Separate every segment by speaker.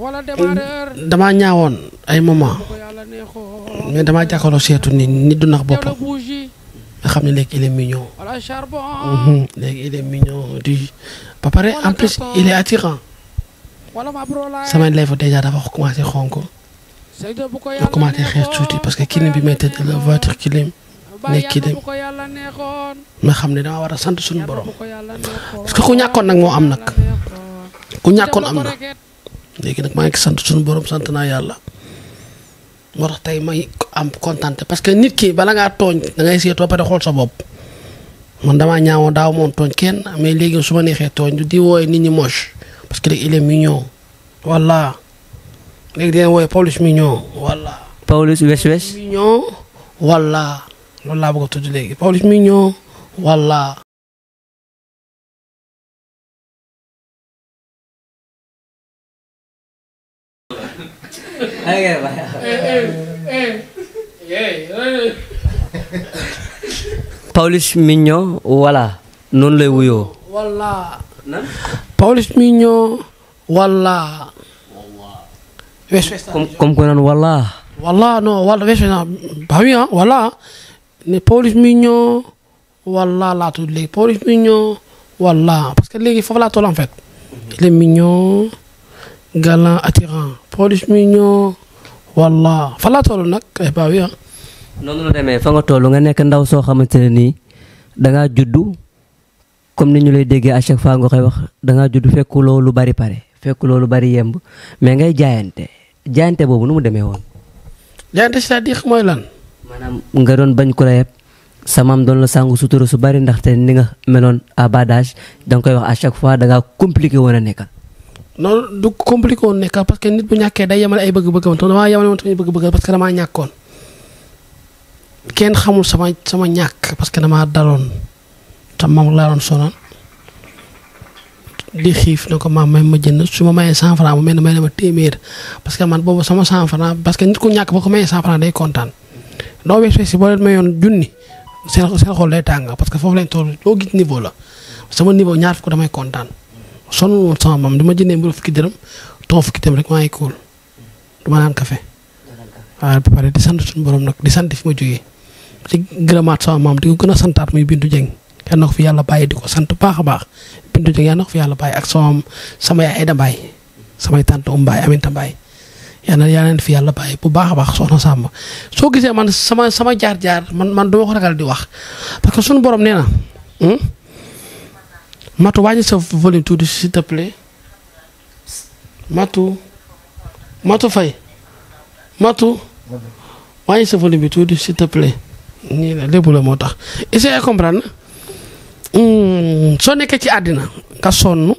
Speaker 1: Eh, damaa ñaawoon ay moment mais damaa jàkkaarloo seetu ni nit du nax boppa nga xam ne léegi il est mignon mhm, léegi il est mignon di ba pare en plus il est attirant samay lay fa déjà dafa commencé xonk nga commencé xees tuuti parce que kilim bi may tëdd la voiture kilim nekk kilim nga xam ne damaa war a sant suñu borom parce que ku ñàkkoon nag moo am nag ku ñàkkoon am na léegi nag maa ngi sant suñu borom sant naa yàlla moo tax tey may am kontante parce que nit ki bala ngaa tooñ da ngay seetoo pare xool sa bopp man damaa ñaawoo daaw moom tooñ kenn mais léegi su ma neexee tooñ du di wooye nit ñi moche parce que léegi il est mignon voilà léegi dina wooye Pawlish mignon voilà. walla wes wes mignon voilà loolu laa bëgg a tudd léegi Pawlish mignon voilà.
Speaker 2: Okay, Pak. Mm-hmm.
Speaker 1: Mm-hmm.
Speaker 2: Paulus Mignon wala noonu lay wuyoo.
Speaker 1: wala. Paulus Mignon wala. wees wees comme comme ko naan wala. wala non wala wees wees ba oui wala ne Paulus Mignon wala wala parce que léegi foofu laa toll en fait. Mm-hmm. le galant attirant Pawlish Mignon walla fa laa toll nag ay baaw
Speaker 2: yi fa nga toll nga nekk ndaw soo xamante ne nii dangaa juddu comme ni ñu lay déggee à chaque fois nga koy wax dangaa juddu fekk loolu bari pare fekk loolu bari yemb mais ngay jaayante jaayante boobu nu mu demee woon.
Speaker 1: jaayante c'est-à-dire mooy lan.
Speaker 2: nga doon bañ ku la sama samaam doon la sàngu sutura su bari ndaxte ni nga meloon à bas âge danga koy wax à chaque fois dangaa compliqué woon a nekkal.
Speaker 1: non du compliqué woon nekk parce que nit bu ñàkkee day yemale ay bëgg-bëggam te damaa yemale woon tamit bëgg-bëgg parce que damaa ñàkkoon kenn xamul sama sama ñàkk parce que damaa daloon te moom laa doon sonal ma jënd su ma mayee cent franc mel ne may téeméer parce que man boobu sama cent franc parce que nit ku ñàkk boo ko mayee cent franc kontaan doo wees si boo leen mayoon junni seen parce que foofu lañ toll loo gis niveau la sama niveau ñaar fukk damay kontaan. sonn woon sama maam dama jëndee mburu fukki dërëm toog fukki dërëm rek maa ngi kóol dama naan kafe waaw pare di sant suñu borom nag di sant fi ma jógee di gërëmaat sama maam di ko gën a santaat muy Bintu Dieng na ko fi yàlla bàyyi di ko sant baax a baax Bintu Dieng yal yàlla bàyyi ak sama samay ay dambaay samay tante umbaay aminta mbaay yal na yal na fi yàlla bàyyi bu baax a baax soxna Samba soo gisee man sama sama jaar-jaar man man duma ko ragal di wax parce que suñu borom nee na hmm? Matu wàññi sa volume tuuti s'il te plaît Matu Matu Faye Matu wàññi sa volume bi tuuti si tëpple plaît nii moo tax essayer comprendre hmm, soo nekkee ci àddina nga sonn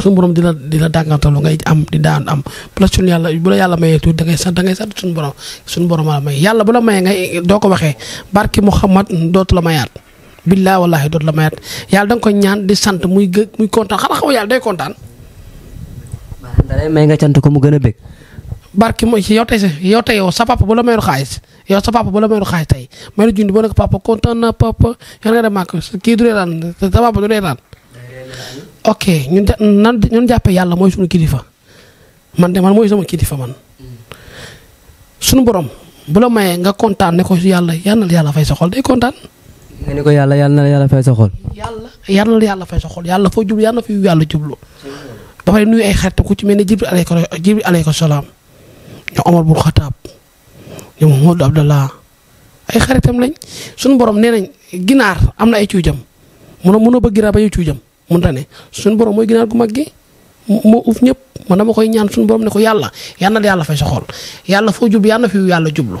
Speaker 1: suñu borom di la di la dàngantalu ngay am di daan am bu la suñu yàlla bu la yàlla mayee tuuti da ngay sant da ngay sant suñu borom suñu borom la may yàlla bu la mayee ngay doo ko waxee barki mu Muhammad dootu la mayaat billaa wallaahi dootu la mayat yàlla da nga ñaan di sant muy gë muy kontaan xanaa xaw yàlla day kontaan.
Speaker 2: may nga cant ko mu gën a bëgg.
Speaker 1: barki mooy si tey sa sa papa bu la mayoon xaalis yow sa papa bu la mayoon xaalis tey may la junni boo ne ko papa kontaan na papa yow nga dem màkk kii du reetaan sa papa du reetaan. ok ñun de nan ñun jàppee yàlla mooy suñu kilifa man de man mooy sama kilifa man. suñu borom bu la nga kontaan ne ko yàlla yàlla na yàlla fay sa xol day kontaan.
Speaker 2: nga ni ko yàlla yàlla na la yàlla fay sa xol.
Speaker 1: yàlla yàlla na yàlla fay sa yàlla foo jublu yàlla na fi yàlla jublu. ba pare nuyu ay xarit ku ci mel ne Jibril aleyko Jibril aleyko salaam ñoom Omar bul Xataab ñoom Modou Abdallah ay xaritam lañ suñu borom ne nañ ginaar am na ay cuujam mënoo mënoo ba ginaar ba ñu cuujam mënta ne suñu borom mooy ginaar gu mag gi moo uuf ñëpp man dama koy ñaan suñu borom ne ko yàlla yàlla la yàlla fay sa xol yàlla foo jublu yàlla na fi yàlla jublu.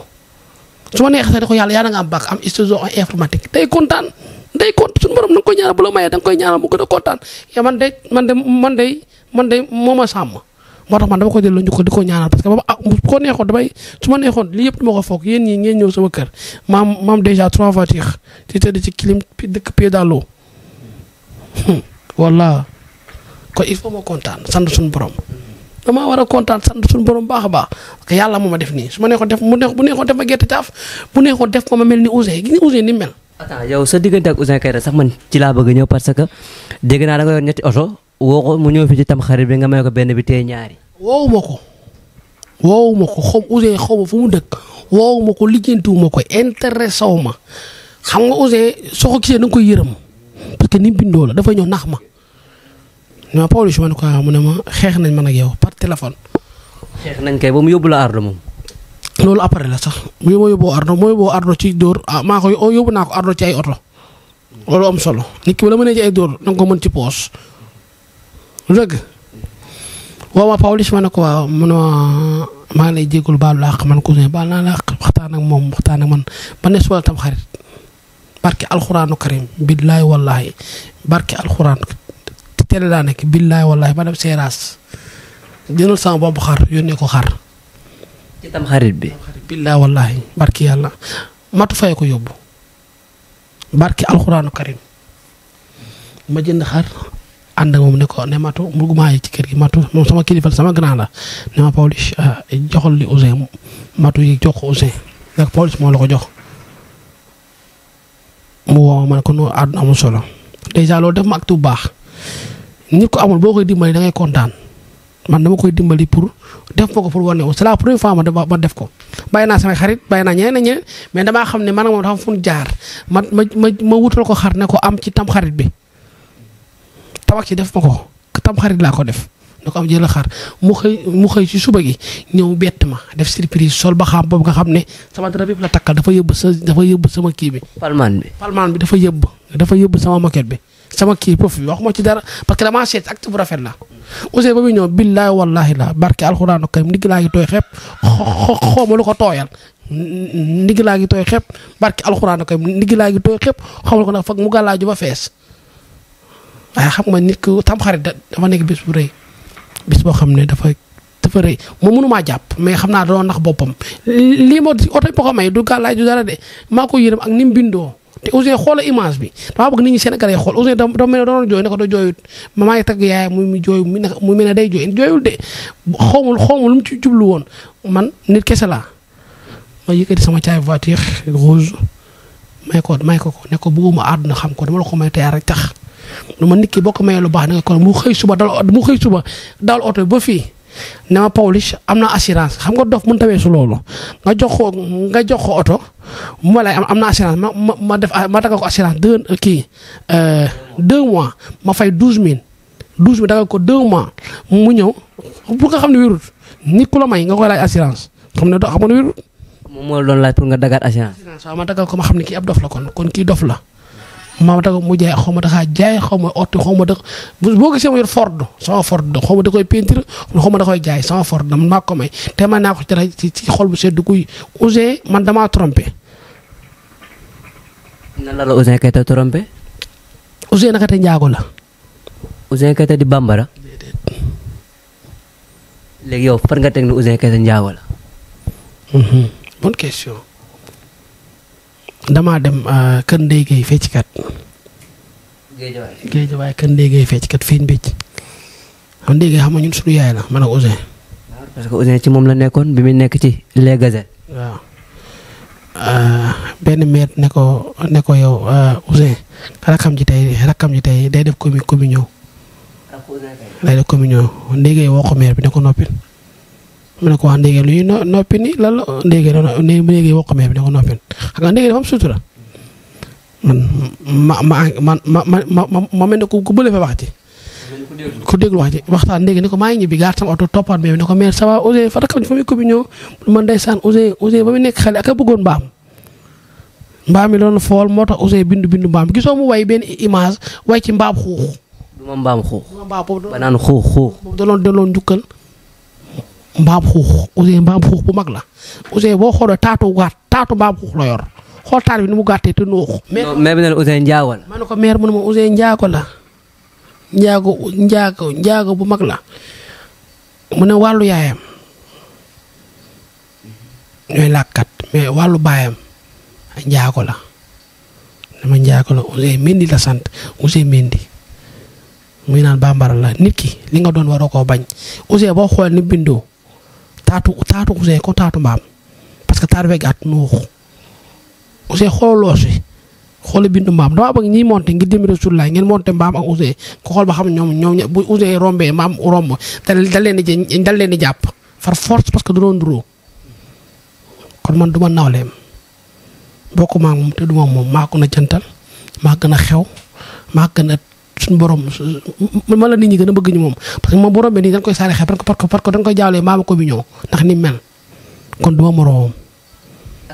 Speaker 1: su ma neexee sax ne ko yàlla yàlla nga am bac am institution en informatique day kontaan day kont suñu borom na nga koy ñaanal bu la mayee da nga mu gën a kontaan ya man de man de man de man de moo moo tax man dama koy delloo njukkal di ko ñaanal parce que booba ah bu ko neexoon damay su ma neexoon lii yëpp dama ko foog yéen ñii ngeen ñëw sama kër maam maam déjà trois voitures ci tëdd ci clim dëkk pied dans l'eau hmm, walla ko il faut ma kontaan sant suñu borom damaa war a kontaan sant suñu borom baax a baax parce que yàlla moo ma def nii su ma neexoon def mu neex bu neexoon def ma gerte caaf bu neexoon def ma mel ni Ouzin gis nga Ouzin ni mel.
Speaker 2: attends yow sa diggante ak Ouzin Keita sax man ci laa bëgg ñëw parce que dégg naa da nga yor ñetti oto woo ko mu ñëw ko benn bi ma
Speaker 1: ko woowu xaw ma fu mu dëkk woowu ma ko lijjantiwu ma ko intéressé wu ma xam nga Ouzin soo ko gisee da nga koy yërëm parce que ni mu bindoo la dafay ñëw nax ma ne ma Pawlish ma ko ah mu ne ma xeex nañ man ak yow par téléphone.
Speaker 2: xeex nañ kay ba mu yóbbu la Ardo moom.
Speaker 1: loolu après la sax bu ma yóbboo Ardo ma yóbboo Ardo ci dóor ah maa ko oh, yóbbu naa ko Ardo ci ay oto loolu am solo nit ba la mënee ci ay dóor ko mën ci poos dëgg waaw ma ko waaw mu ne maa lay jégalu baalu àq man cousin baal naa la àq ak moom waxtaan ak man ba ne suwal tam xarit barke alxuraanu karim billaay wallaahi barke alxuraan télé laa nekk billaay wallaay ma dem seeraas jëlal sama bopp xar yónnee ko xar. ci ko yóbbu barki alxuraanu ma jënd xar ànd ak moom ne ne matu mu maa yëg ci kër gi matu moom sama kilifa sama grand la ne ma Pawlish ah, joxal li matu yi jox ko Ouzin nag Pawlish moo la ko jox mu woo ma ne ko noonu àdduna amul solo dèjà loolu def ma ak baax. nit ko amul boo koy dimbali dangay ngay kontaan man dama koy dimbali pour def ma ko pour wane wu c'est la première fois ma ma def ko. bàyyi naa samay xarit bàyyi naa ñeneen ñeneen mais damaa xam ne man ak moom dafa fu jaar ma ma ma ma wutal ko xar ne ko am ci tam bi tabax ci def ma ko tam laa ko def. da ko am jël xar mu xëy mu xëy ci suba gi ñëw bett ma def surprise sol ba xam boobu nga xam ne sama drap yëpp la takkal dafa yëbb sa dafa yëbb sama kii bi. palmaan bi palmaan bi dafa yëbb dafa yëbb sama moquette bi. sama kii foofu waxuma ci dara parce que damaa seet acte bu rafet la Ouzin ba muy ñëw billaay wallahi la barke alxuraanu karim ndigg laa tooy xepp xawma lu ko tooyal ndigg laa ngi tooy xepp barke alxuraanu karim ndigg laa ngi tooy xepp xawma lu ko nag fag mu gàllaaju xam nga nit ku tam xarit dafa nekk bis bu rëy bis boo xam ne dafa dafa rëy moom mënumaa jàpp mais xam naa da doon nax boppam lii moo oto boo ko may du gàllaaj du dara de maa ko yërëm ak ni mu bindoo te Ouzin xoola image bi damaa bëgg nit ñi Sénégalais xool Ouzin da dafa mel ne doon jooy ne ko da jooyut maa ngi tagg yaay muy jooy mu ne muy mel ne day jooy jooyul de xawmul xawmul lu mu ci jublu woon man nit kese laa ma yëkkati sama caay voiture rouge may ko may ko ko ne àdduna xam ko dama la ko may tey rek tax lu ma nit ki bokk ko lu baax na ko kon mu xëy suba dal mu xëy suba daal oto ba fii. ne ma Pawlish am na assurance xam nga dof mënut a weesu loolu nga jox ko nga jox ko oto mu ma lay am am na assurance ma ma ma def ma dagal ko assurance deux kii euh, deux mois ma fay douze mille douze mille dagal ko deux mois mu ñëw pour nga xam ne wérut nit ku la may nga koy laaj assurance xam ne do xam nga wérut.
Speaker 2: moom moo doon laaj pour nga dagaat assurance.
Speaker 1: waaw ma dagal ko ma xam ne kii ab dof la kon kon kii dof la. maama tax mu jaay xaw ma taxaa jaay xaw ma otti xaw ma da boo gisee mu yor ford sama ford xaw ma da koy peinture xaw ma da koy jaay sama ford man maa ko may te man naa ko ci dara ci ci xol bu sedd guy man damaa trompé.
Speaker 2: nan la la Ouzin Keita
Speaker 1: trompé. Ouzin naka te
Speaker 2: di bambara. léegi yow far nga teg ni Ouzin Keita njaago la. Mhm.
Speaker 1: damaa dem euh, kër Ndeye Gueye fecckat. Géejawaay kër Ndeye Gueye fecckat fii Mbéj. xam Ndeye xam nga ñun suñu yaay la man ak Ouzin. parce que Ouzin
Speaker 2: ci moom la nekkoon bi muy nekk ci les gazettes.
Speaker 1: waaw euh, benn maire ne ko ne ko euh, rakkam ji tey rakkam ji tey day def commu communion. day def communion Ndeye Gueye woo ko bi ne ko ma ne ko no la ndéegéey dafa ndéegéey wokk mee bi da ko man ma ma ma ma ma ma mel ne ku ku bële ku déglu wax ci waxtaan ndéegéey ni ko maa ngi gaar sama oto toppaat mee bi ne ko mais ça va Ousseyn fa rakkam ba muy nekk xale ak a bëggoon mbaam. mbaam mi doon fool moo tax Ousseyn bindu bindu mbaam gisoo mu way benn image way ci mbaam xuux. du ma mbaam mbaam xuux Ouzin mbaam xuux bu mag la Ouzin boo xoolee taatu gàtt taatu mbaam xuux la yor xool taat bi ni mu gàttee te nooxu.
Speaker 2: mais ma
Speaker 1: ne ko maire mu ne ma Ouzin Ndiago la Ndiago bu mag la mu ne wàllu yaayam ñooy làkkat mais wàllu baayam Ndiago la dama njaago la Ouzin Mendy la sant Ouzin Mendy. muy naan bambara la nit ki li nga doon waroo koo bañ Ouzin boo xool ni bindoo taatu taatu Ouzin ko taatu mbaam parce que taat bee gàtt nuux Ouzin xool loos wi xool bindu mbaam damaa bëgg ñiy monté ngir dem Rasulullah ngeen monté mbaam ak Ouzin ko xool ba xam ñoom ñoom bu Ouzin rombee mbaam romb leen di jàpp far que du doon ma bokk maa moom te na jantal maa gën a xew maa gën a suñu borom ma la nit ñi gën a bëgg ñu moom parce que moom borom bi nii dañ koy saari xeeb parce que parce que dañ koy jaawlee maama ko bi ñëw ndax ni mel kon du ma moroom.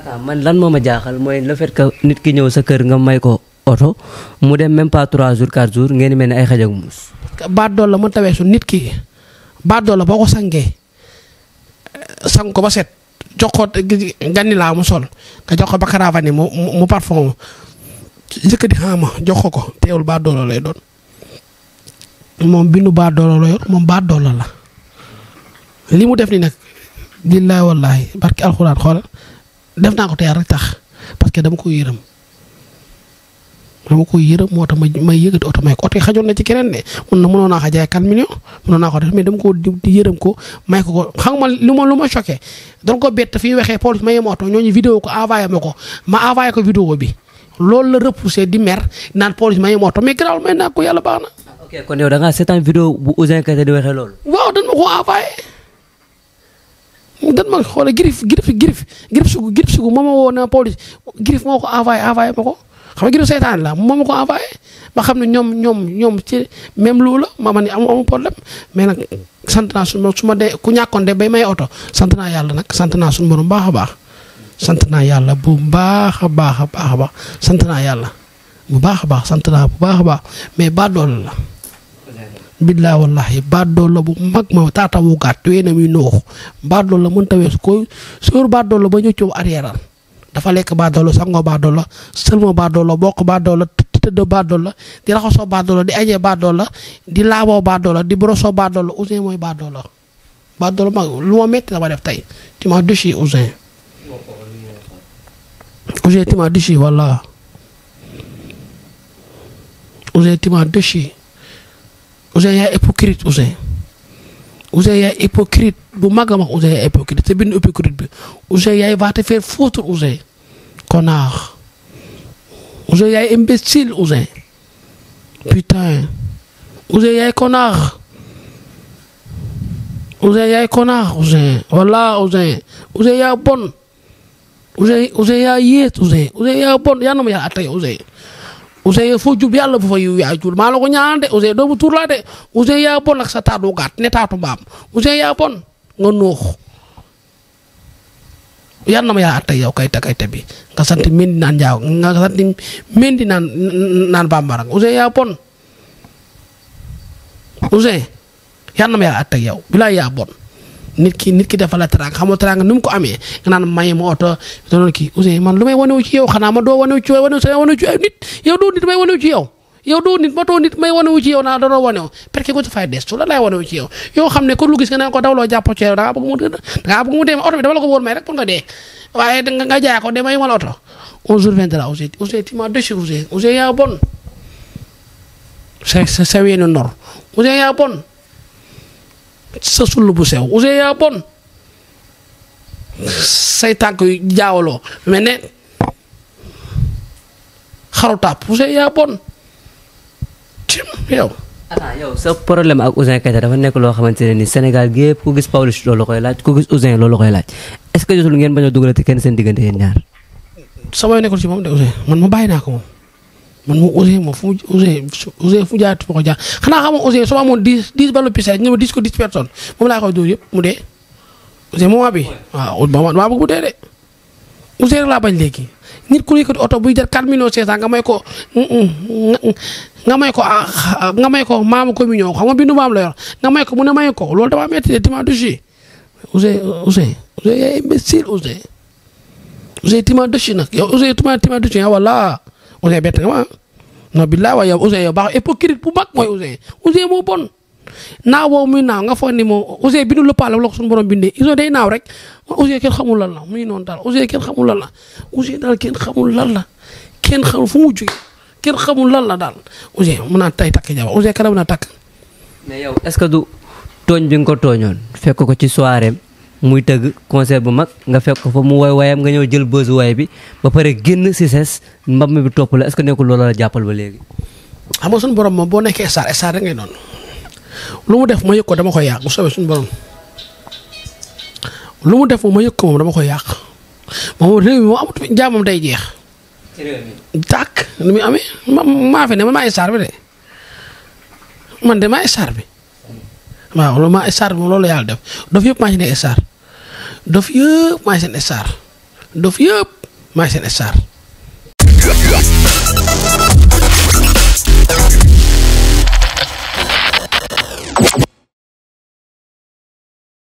Speaker 2: waaw man lan moo ma jaaxal mooy le fait que nit ki ñëw sa kër nga may ko oto mu dem meme pas trois jours 4 jours ngeen mel ni ay xaj ak muus.
Speaker 1: dool la mën tawee su nit ki baat dool la boo ko sangee sang ko ba set jox ko ganni laa mu sol nga jox ko ba caravane mu mu parfum yëkkati xaama jox ko ko teewul baat lay doon. moom bindu baat doola la yor moom baa doola la li mu def ni nag billaay wallaay barki alxuraan xoolal def naa ko te yàlla rek parce que dama ko yërëm ko yërëm moo tax ma may yëgati oto may ko oto xajoon na ci keneen de mun mënoon naa ko jaay 4 ko def mais dama ko yërëm ko may ko xam nga lu ma lu ma choqué. doon ko bett waxee police ma oto ñooñu vidéo ko envoyé ma ko ma envoyé ko vidéo bi loolu la repoussé di mer naan police maye ma oto mais garaawul may naa ko yàlla baax na.
Speaker 2: ok kon yow da ngaa seetaan vidéo bu Ouzin Keita di waxee
Speaker 1: loolu. waaw dañ ma ko envoyé dañ ma xoole girif girif girif girif sugu ma woo na police girif moo ko envoyé envoyé ma ko xam nga girif seytaan la moom ma ko envoyé ba xam ne ñoom ñoom ñoom ci même loolu ma ma ne am amul problème mais nag sant naa suñu ma dee ku ñàkkoon de bay may oto sant naa yàlla nag sant naa suñu borom baax baax bu baax a baax a baax a baax sant naa yàlla bu baax a baax sant naa bu la billaa wallahi baat dool la bu mag ma taata wu gàtt wee na muy noox baat dool la weesu ko sóor baat dool ba ñëw coow arrière dafa lekk baat dool sangoo baat dool la sëlma baat bokk baat dool la tëdd baat dool la di raxasoo baat dool di añee baat dool di laaboo baat dool di borosoo baat dool la mooy baat dool la baat mag lu metti dama def tey tu m'as déchiré Ouzin Ouzin walla Ouzin tu m'as Ouzin yaay hypocrite Ouzin Ouzin yaay hypocrite bu mag a mag Ouzin yaay hypocrite te benn hypocrite bi Ouzin yaay va te faire foutre Ouzin connard yaay imbécile Ouzin putain Ouzin yaay connard Ouzin yaay connard Ouzin voilà bon Ouzin Ouzin yaa yées Ouzin Ouzin bon yaa na ma yàlla attay Ouzin Ousseyn foo jub yàlla bu fa maa la ko de Ousseyn yaa bon ak sa taatu ne taatu mbaam Ousseyn yaa bon nga nuux yal na ma yaa àttay yow kayta kayta bi nga sant mendi naan njaaw nga sant yaa bon Ousseyn yal na ma yaa àttay yow bilaay yaa bon. nit ki nit ki dafa la teraanga xamoo teraanga ko amee nga naan maye ma oto doon kii Ouzin man lu may wanewu ci yow xanaa ma doo wanewu ci wanewu sa wanewu ci nit yow doo nit may wanewu ci yow yow doo nit matoo nit may wanewu ci ko ne ko lu gis nga naan ko dawloo jàpp ci yow dangaa bëgg mu dangaa bëgg mu dee oto bi dama la ko wóor may rek pour nga dee waaye nga jaay ko ma la oto un jour viendra Ouzin Ouzin tu bon sa sa sa weenu nor bon sa sull bu sew Ousseyn yaa bon say tànk yu jaawaloo mel ne xaru tàpp Ousseyn yaa bon cim yow.
Speaker 2: attends yow sa problème ak Ousseyn Keita dafa nekk loo xamante ne ni Sénégal gépp ku gis Pawlish loolu koy laaj ku gis Ousseyn loolu koy laaj est-ce que ngeen bañ a dugalati kenn seen diggante yéen ñaar.
Speaker 1: sama nekkul ci moom de Ousseyn man ma bàyyi naa ko man moom Ouzin moom fu mu Ouzin Ouzin fu jaay ma ko jaar xanaa xam nga Ouzin su ma amoon dix dix ballu piste ñu ma dix ko dix personnes moom laa koy dóor yëpp mu dee Ouzin bi waaw maa mu dee de Ouzin rek laa bañ léegi nit ku yëkkati oto buy jar 4 millions 500 nga may ko nga may ko ah, ah, nga may ko maamu ko million xam nga bindu maam la yor nga may ko mu ne may ko loolu damaa métti de tima doshi Ouzin Ouzin Ouzin yaay imbécile Ouzin Ouzin tima doshi nag yow Ouzin bett nga ma billaay waaye yow Ouzin yow baax hypocrite bu mag mooy Ouzin moo bon naaw woowu muy naaw nga foog ni moom Ouzin bi nu lëppaale la ko suñu borom bindee Ouzin day naaw rek Ouzin kenn xamul lan la muy noonu daal Ouzin kenn xamul lan la Ouzin daal kenn xamul la kenn xamul fu mu jógee kenn xamul lan la daal Ouzin mu naan tay takk jabar Ouzin kanam na takk.
Speaker 2: mais yow est-ce que du tooñ bi nga ko tooñoon fekk ko ci soirée muy tëgg concert bu mag nga fekk ko fa mu woy wayam nga ñëw jël bës waay bi ba pare génn si ses mbam bi topp la est-ce que nekkul loola la jàppal ba léegi.
Speaker 1: xam nga suñu borom moom boo nekkee star star rek ngay lu mu def ma yëg dama koy yàq bu suñu borom mu def ma yëg ko dama koy yàq moom day jeex. tàkk muy amee ma maa bi de man de maay star bi mm. waaw loolu maay star bi moom loolu la def daf yëpp maa ci ne star. dof yëpp maay seen star dof yëpp maay seen